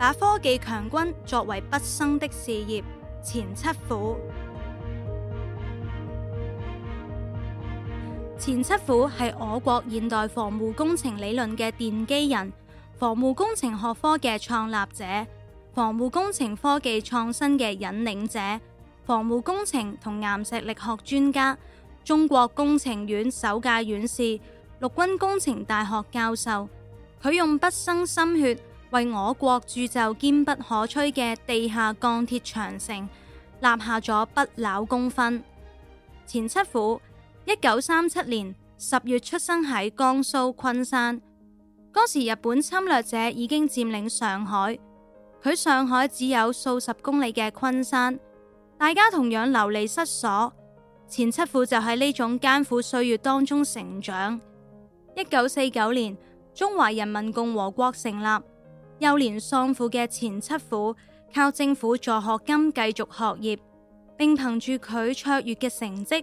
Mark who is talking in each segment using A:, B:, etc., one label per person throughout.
A: 把科技強軍作為畢生的事業，錢七虎。錢七虎係我國現代防護工程理論嘅奠基人，防護工程學科嘅創立者，防護工程科技創新嘅引領者，防護工程同岩石力學專家，中國工程院首屆院士，陸軍工程大學教授。佢用畢生心血，為我國鑄就堅不可摧嘅地下鋼鐵長城立下咗不朽功勳。錢七虎，一九三七年十月出生喺江蘇昆山，當時日本侵略者已經佔領上海，距上海只有數十公里嘅昆山，大家同樣流離失所。錢七虎就喺呢種艱苦歲月當中成長。一九四九年，中華人民共和國成立。幼年喪父嘅錢七虎靠政府助學金繼續學業，並憑住佢卓越嘅成績，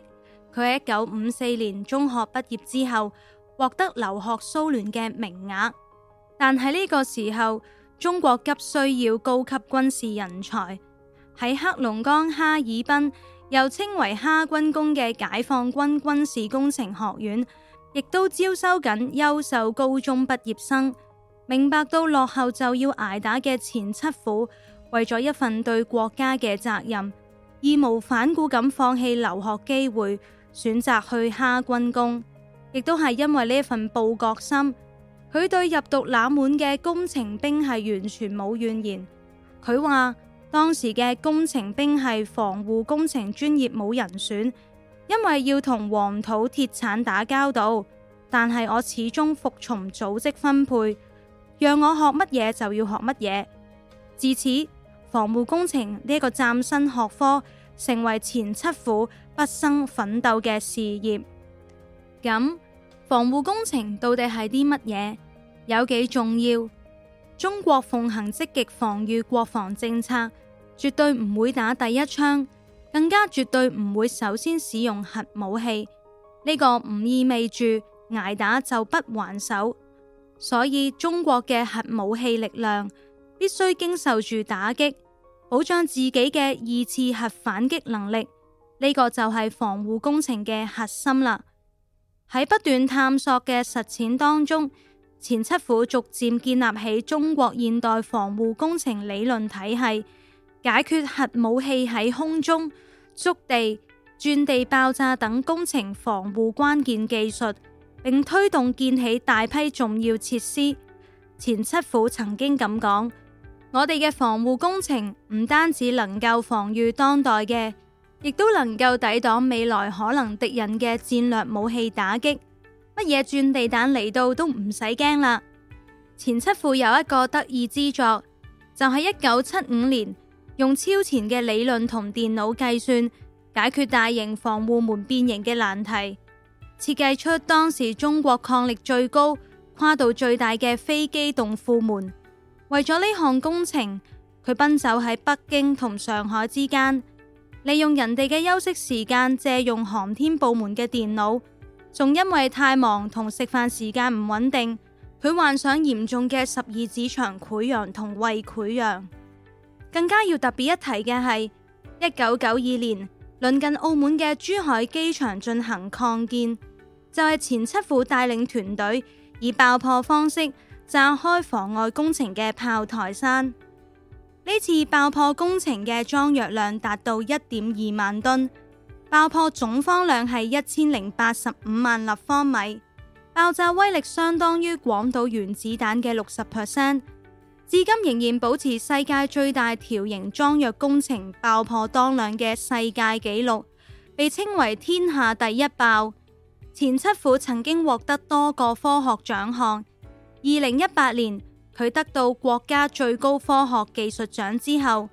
A: 佢喺一九五四年中學畢業之後獲得留學蘇聯嘅名額。但係呢個時候，中國急需要高級軍事人才，喺黑龍江哈爾濱又稱為哈軍工嘅解放軍軍事工程學院，亦都招收緊優秀高中畢業生。明白到落後就要捱打嘅錢七虎，為咗一份對國家嘅責任，義無反顧咁放棄留學機會，選擇去哈軍工。亦都係因為呢一份報國心，佢對入讀冷門嘅工程兵系完全冇怨言。佢話當時嘅工程兵系防護工程專業冇人選，因為要同黃土鐵鏟打交道，但係我始終服從組織分配。讓我學乜嘢就要學乜嘢。自此，防護工程呢、這個嶄新學科成為錢七虎畢生奮鬥嘅事業。咁、嗯，防護工程到底係啲乜嘢？有幾重要？中國奉行積極，極防禦國防政策，絕對唔會打第一槍，更加絕對唔會首先使用核武器。呢、這個唔意味住捱打就不還手。所以中國嘅核武器力量必須經受住打擊，保障自己嘅二次核反擊能力，呢、這個就係防護工程嘅核心啦。喺不斷探索嘅實踐當中，錢七虎逐漸建立起中國現代防護工程理論體系，解決核武器喺空中、觸地、鑽地爆炸等工程防護關鍵技術。並推動建起大批重要設施。錢七虎曾經咁講：我哋嘅防護工程唔單止能夠防禦當代嘅，亦都能夠抵擋未來可能敵人嘅戰略武器打擊。乜嘢鑽地彈嚟到都唔使驚啦。錢七虎有一個得意之作，就係一九七五年用超前嘅理論同電腦計算解決大型防護門變形嘅難題。設計出當時中國抗力最高、跨度最大嘅飛機洞庫門。為咗呢項工程，佢奔走喺北京同上海之間，利用人哋嘅休息時間借用航天部門嘅電腦，仲因為太忙同食飯時間唔穩定，佢患上嚴重嘅十二指腸潰瘍同胃潰瘍。更加要特別一提嘅係，一九九二年，鄰近澳門嘅珠海機場進行擴建，就係、是、錢七虎帶領團隊以爆破方式炸開妨礙工程嘅炮台山。呢次爆破工程嘅裝藥量達到一點二萬噸，爆破總方量係一千零八十五萬立方米，爆炸威力相當於廣島原子彈嘅六十 percent。至今仍然保持世界最大條形裝藥工程爆破當量嘅世界紀錄，被稱為天下第一爆。錢七虎曾經獲得多個科學獎項，二零一八年佢得到國家最高科學技術獎之後，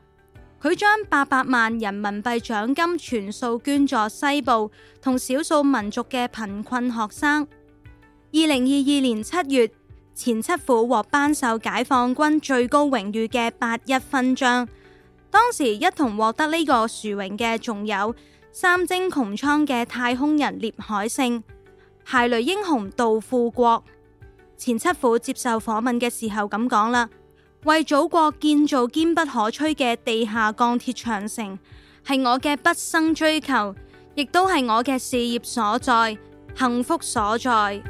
A: 佢將八百萬人民幣獎金全數捐助西部同少數民族嘅貧困學生。二零二二年七月。錢七虎獲頒授解放軍最高榮譽嘅八一勳章，當時一同獲得呢個殊榮嘅仲有三征穹蒼嘅太空人聶海勝、排雷英雄杜富國。錢七虎接受訪問嘅時候咁講啦，為祖國建造堅不可摧嘅地下鋼鐵長城，係我嘅畢生追求，亦都係我嘅事業所在、幸福所在。